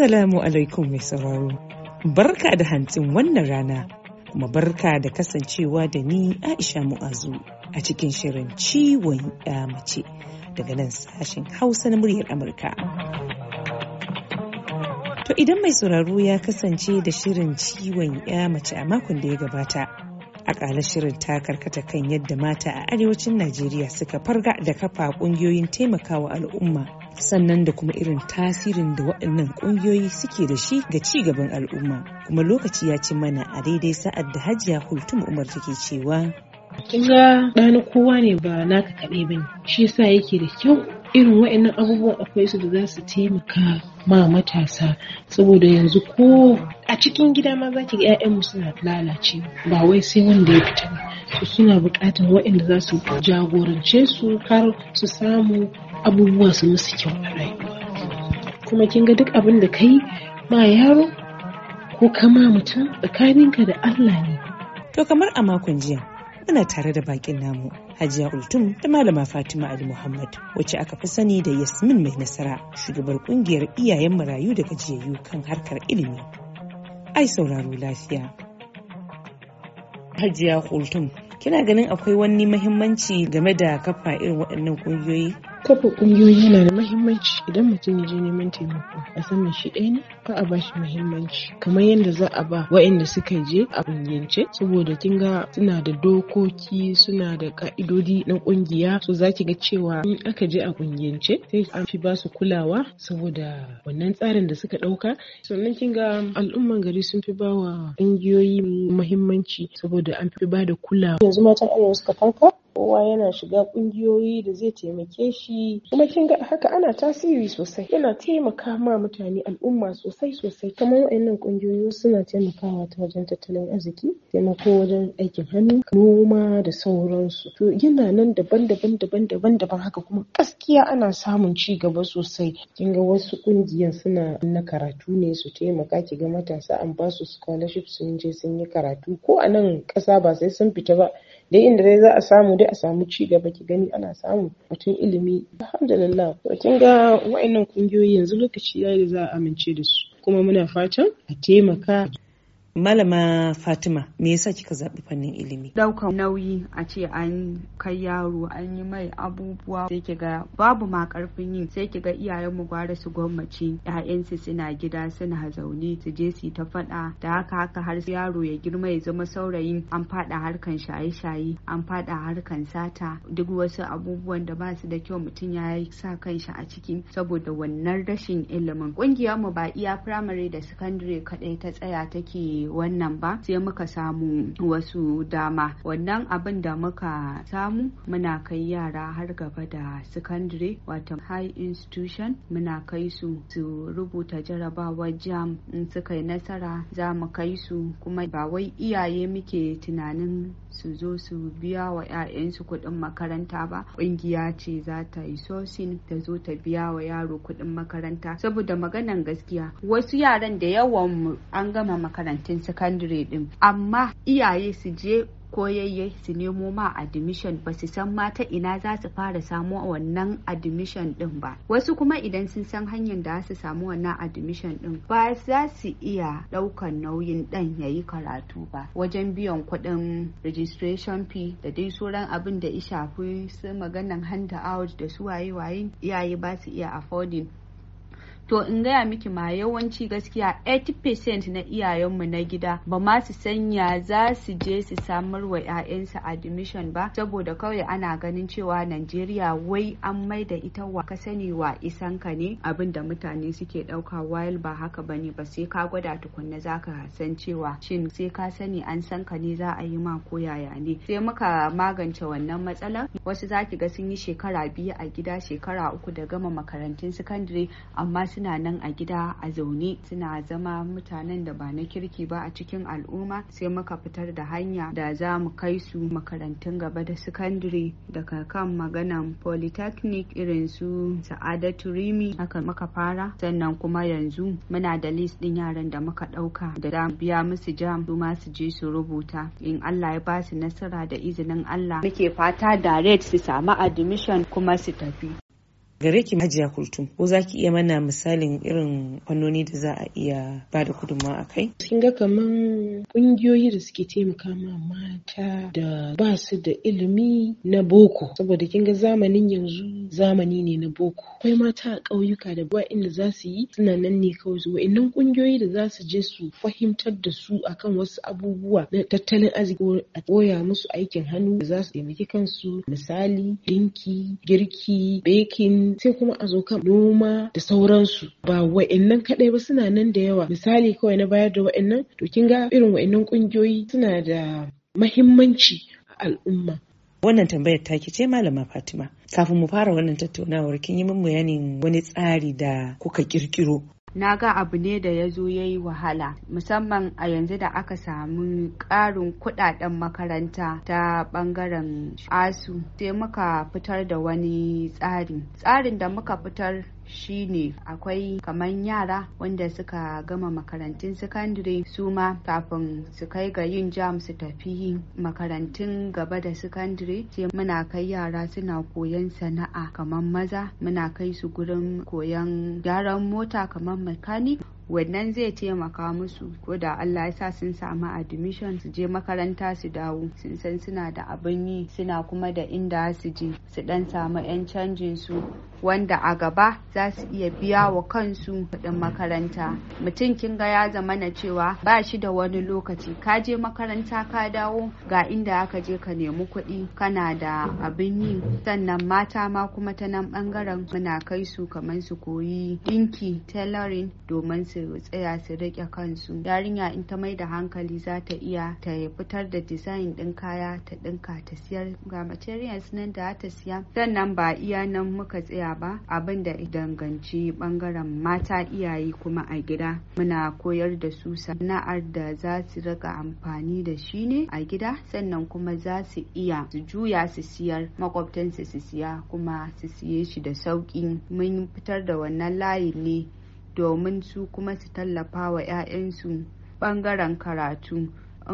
Assalamu alaikum mai sauraro. Barka da hantsin wannan rana, kuma barka da kasancewa da ni Aisha Mu'azu a cikin shirin ciwon ya mace daga nan sashen Hausa na muryar Amurka. To idan mai sauraro ya kasance da shirin ciwon ya mace a makon da ya gabata, akala shirin ta karkata kan yadda mata a arewacin Najeriya suka farga da kafa ƙungiyoyin taimakawa al'umma sannan da kuma irin tasirin da waɗannan ƙungiyoyi suke da shi ga ci gaban al'umma kuma lokaci ya ci mana a daidai sa'ad da hajiya hultum umar take cewa kinga ɗana kowa ne ba naka kaɗai bane shi yasa yake da kyau irin waɗannan abubuwan akwai su da za su taimaka ma matasa saboda yanzu ko a cikin gida ma za ki ga 'ya'yanmu suna lalace ba wai sai wanda ya fita ba su suna buƙatar waɗanda za su jagorance su har su samu abubuwa su musu kyau a rayuwa kuma kin ga duk abin da kai ma yaro ko kama mutum tsakaninka da Allah ne to kamar a makon jiya muna tare da bakin namu Hajiya Ultum da Malama Fatima Ali Muhammad wacce aka fi sani da Yasmin Mai Nasara shugabar kungiyar iyayen marayu da gajiyayyu kan harkar ilimi. Ai sauraro lafiya. Hajiya Ultum, kina ganin akwai wani mahimmanci game da kafa irin waɗannan ƙungiyoyi? kafa ƙungiyoyi yana da mahimmanci idan mutum ya je neman taimako a saman shi ɗaya ne ka a shi mahimmanci kamar yadda za a ba waɗanda suka je a ƙungiyance saboda kin ga suna da dokoki suna da ƙa'idodi na ƙungiya so za ki ga cewa in aka je a ƙungiyance sai an fi ba su kulawa saboda wannan tsarin da suka ɗauka sannan kin ga al'umman gari sun fi ba wa ƙungiyoyi mahimmanci saboda an fi ba da kulawa yanzu matan suka farka kowa yana shiga kungiyoyi da zai taimake shi kuma kin ga haka ana tasiri sosai yana taimaka ma mutane al'umma sosai sosai kamar wayannan kungiyoyi suna taimakawa ta wajen tattalin arziki taimako wajen aikin hannu noma da sauransu to yana nan daban-daban daban-daban daban haka kuma gaskiya ana samun ci gaba sosai kin ga wasu kungiyan suna na karatu ne su taimaka ki ga matasa an ba su scholarship sun je sun yi karatu ko a nan ƙasa ba sai sun fita ba dai inda dai za a samu dai a samu ci gaba ki gani ana samu mutum ilimi alhamdulillah to kin ga wa'annan kungiyoyi yanzu lokaci yayi da za a amince da su kuma muna fatan a taimaka Malama Fatima, me yasa kika zaɓi fannin ilimi? Daukan nauyi a ce an kai yaro an yi mai abubuwa sai ga babu ma karfin yin sai kiga iyayen mu gwara su gwammaci ƴaƴansu suna gida suna zaune su je su ta faɗa da haka haka har yaro ya girma ya zama saurayin an faɗa harkan shaye-shaye an faɗa harkan sata duk wasu abubuwan da ba su da kyau mutum ya yi sa kanshi a ciki saboda wannan rashin ilimin. Ƙungiyar mu ba iya firamare da sakandare kaɗai ta tsaya take wannan ba sai muka samu wasu dama wannan abin da muka samu muna kai yara har gaba da secondary wato high institution muna kai su su rubuta jarabawar jam in suka yi nasara za mu kai su kuma ba wai iyaye muke tunanin su zo su biya wa 'ya'yansu kuɗin makaranta ba ƙungiya ce za ta yi sosin ta zo ta biya wa yaro kuɗin makaranta saboda maganan gaskiya wasu yaran da yawan an gama makaranta matakin sakandare din amma iyaye su je koyayye su nemo ma admission ba su san ma ta ina za su fara samu wannan admission din ba wasu kuma idan sun san hanyar da su samu wannan admission din ba za su iya daukan nauyin dan ya karatu ba wajen biyan kuɗin registration fee da dai sauran abin da ya shafi su maganan hand out da su waye waye iyaye ba su iya affording to in gaya miki ma yawanci gaskiya 80% na iyayenmu na gida ba ma su sanya za su je su samar wa 'ya'yansu admission ba saboda kawai ana ganin cewa Najeriya wai an mai da ita wa ka sani wa isan ka ne abin da mutane suke ɗauka while ba haka bane ba sai ka gwada tukunna zaka san cewa shin sai ka sani an san ka ne za a yi ma ko yaya ne sai muka magance wannan matsalar wasu zaki ga sun yi shekara biyu a gida shekara uku da gama makarantun sakandare amma su suna nan a gida a zaune suna zama mutanen da ba na kirki ba a cikin al'umma sai muka fitar da hanya da za mu kai su makarantun gaba da sakandare daga kan maganan polytechnic irin su sa'adatu rimi haka muka fara sannan kuma yanzu muna da list din yaran da muka dauka da da biya musu jam su su je su rubuta in Allah ya ba su nasara da izinin Allah muke fata direct su samu admission kuma su tafi Gare ki Hajiya Kultum, ko za ki iya mana misalin irin fannoni da za a iya ba da gudunmawa a kai? Kin ga kaman ƙungiyoyi da suke taimaka ma mata da ba su da ilimi na boko, saboda kin ga zamanin yanzu zamani ne na boko akwai mata a ƙauyuka da ba inda za su yi suna nan ne kawai zuwa ƙungiyoyi da za su je su fahimtar da su akan wasu abubuwa na tattalin arziki a koya musu aikin hannu da za su taimaki kansu misali dinki girki bekin, sai kuma a zo kan noma da sauransu ba wa'annan kaɗai ba suna nan da yawa misali kawai na bayar da wa'annan to kin ga irin wa'annan ƙungiyoyi suna da mahimmanci a al'umma Wannan tambayar ta take ce Malama Fatima. Kafin mu fara wannan tattaunawar kin yi min bayanin wani tsari da kuka kirkiro na ga abu ne da ya zo ya yi wahala musamman a yanzu da aka samu ƙarin kuɗaɗen makaranta ta ɓangaren asu sai muka fitar da wani tsari tsarin da muka fitar shine akwai kaman yara wanda suka gama makarantun sakandire. su ma kafin su kai ga yin jam su tafi makarantun gaba da sakandire. sai muna kai yara suna koyan sana'a kaman maza muna kai su gurin koyan gyaran mota kaman mekanik wannan zai taimaka musu ko da Allah ya sa sun samu admission su je makaranta su dawo sun san suna da abin yi suna kuma da inda su je su dan samu 'yan canjin su wanda a gaba za su iya biya wa kansu kuɗin makaranta mutum kin ga ya zama na cewa ba shi da wani lokaci ka je makaranta ka dawo ga inda aka je ka nemi kuɗi kana da abin yi sannan mata ma kuma ta nan ɓangaren muna kai su kamar su koyi ɗinki tailoring domin su su tsaya su rike kansu yarinya in ta mai da hankali za ta iya ta fitar da design din kaya ta dinka ta siyar ga materials nan da ta siya sannan ba iya nan muka tsaya ba abin da danganci bangaren mata iyaye kuma a gida muna koyar da su sana'ar da za su rika amfani da shi ne a gida sannan kuma za su iya su juya su siyar makwabtansu su siya kuma su siye shi da sauki mun fitar da wannan layin ne domin su kuma su tallafa wa 'ya'yansu bangaren karatu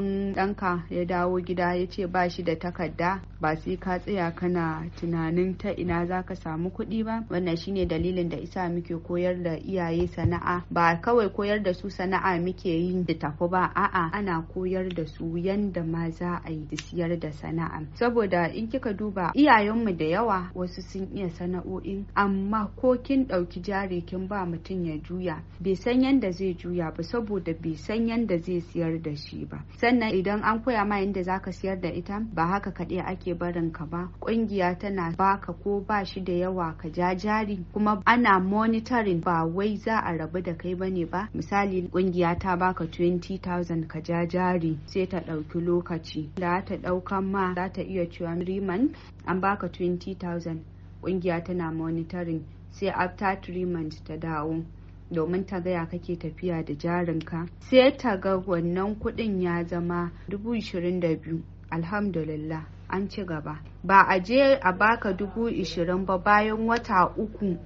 in ɗanka ya dawo gida ya ce ba shi da takarda ba sai ka tsaya kana tunanin ta ina za ka samu kuɗi ba wannan shine dalilin da isa muke koyar da iyaye sana'a ba kawai koyar da su sana'a muke yi da tafi ba a'a ana koyar da su yanda ma za a yi da siyar da sana'a saboda in kika duba iyayenmu da yawa wasu sun iya sana'o'in amma ko kin ɗauki jari kin ba mutum ya juya bai san yanda zai juya ba saboda bai san yanda zai siyar da shi ba sannan idan an koya ma yadda za ka siyar da ita ba haka kaɗai ake barin ka ba ƙungiya tana baka ko ba shi da yawa ka ja jari kuma ana monitoring ba wai za a rabu da kai bane ba misali ƙungiya ta baka 20,000 ka ja jari sai ta ɗauki lokaci da ta ɗaukan ma za ta iya cewa riman an baka 20,000 ƙungiya tana monitoring sai after three ta dawo domin ta gaya kake tafiya da jarinka sai ta ga wannan kuɗin ya zama dubu alhamdulillah an ci gaba ba a je a baka dubu ba bayan wata uku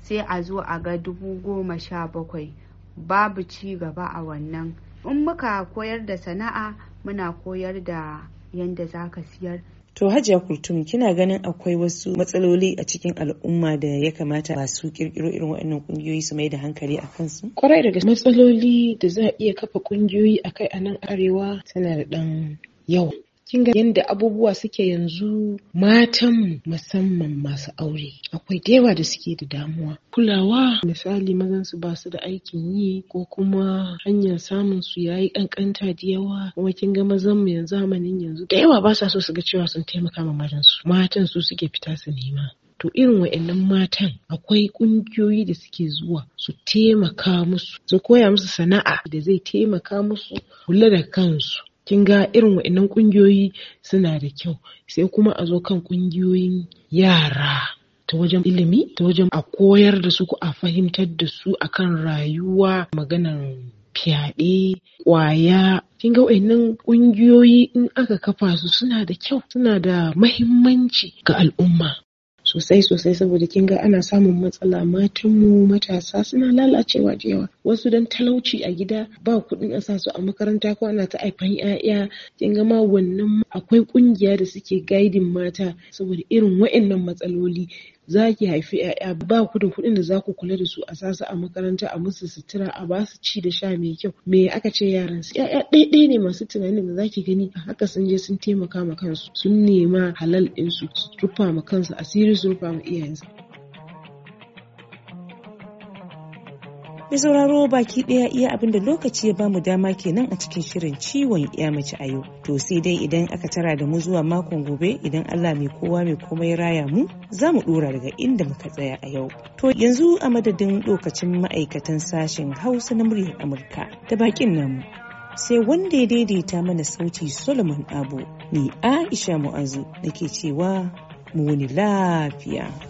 sai a zo a ga dubu goma sha bakwai babu ci gaba a wannan in muka koyar da sana'a muna koyar da yadda za ka siyar To Hajiya Kultum kina ganin akwai wasu matsaloli a cikin al'umma da ya kamata masu kirkiro irin waɗannan kungiyoyi su mai da hankali a kansu? Kwarai daga matsaloli da za a iya kafa kungiyoyi akai a nan arewa tana da ɗan yawa. kin ga abubuwa suke yanzu matan musamman masu aure akwai da yawa da suke da damuwa kulawa misali mazan su ba su da aikin yi ko kuma hanyar samun su yayi kankanta da yawa kuma kin ga mazan mu yanzu zamanin yanzu da yawa ba sa so su ga cewa sun taimaka ma mazan su matan su suke fita su nema to irin wa'annan matan akwai ƙungiyoyi da suke zuwa su taimaka musu su koya musu sana'a da zai taimaka musu kula da kansu kin ga irin wa'innan ƙungiyoyi suna da kyau sai kuma a zo kan ƙungiyoyin yara ta wajen ilimi ta wajen a koyar da su ko a fahimtar da su akan rayuwa maganar fyaɗe ƙwaya kin ga wayannan ƙungiyoyi in aka kafa su suna da kyau suna da mahimmanci ga al'umma sosai sosai saboda kin ga ana samun matsala matan mu matasa suna lalacewa da yawa wasu dan talauci a gida ba kuɗin a su a makaranta ko ana ta aifan 'ya'ya kin ga ma wannan akwai ƙungiya da suke gaidin mata saboda irin waɗannan matsaloli za ki haifi 'ya'ya ba ku kuɗin da za ku kula da su a sasa a makaranta a musu sutura a ba su ci da sha mai kyau me aka ce yaran su 'ya'ya ɗaiɗai ne masu tunanin da za ki gani a haka sun je sun taimaka ma kansu sun nema halal ɗinsu su rufa ma kansu asiri su rufa ma iyayensu. Mai sauraro baki ɗaya iya abin da lokaci ya bamu dama kenan a cikin shirin ciwon ya mace a yau. To sai dai idan aka tara da mu zuwa makon gobe idan Allah mai kowa mai komai raya mu za mu ɗora daga inda muka tsaya a yau. To yanzu a madadin lokacin ma'aikatan sashen Hausa na muryar Amurka da bakin namu. Sai wanda ya daidaita mana sauti Solomon Abu, ni Aisha Mu'azu nake cewa mu wuni lafiya.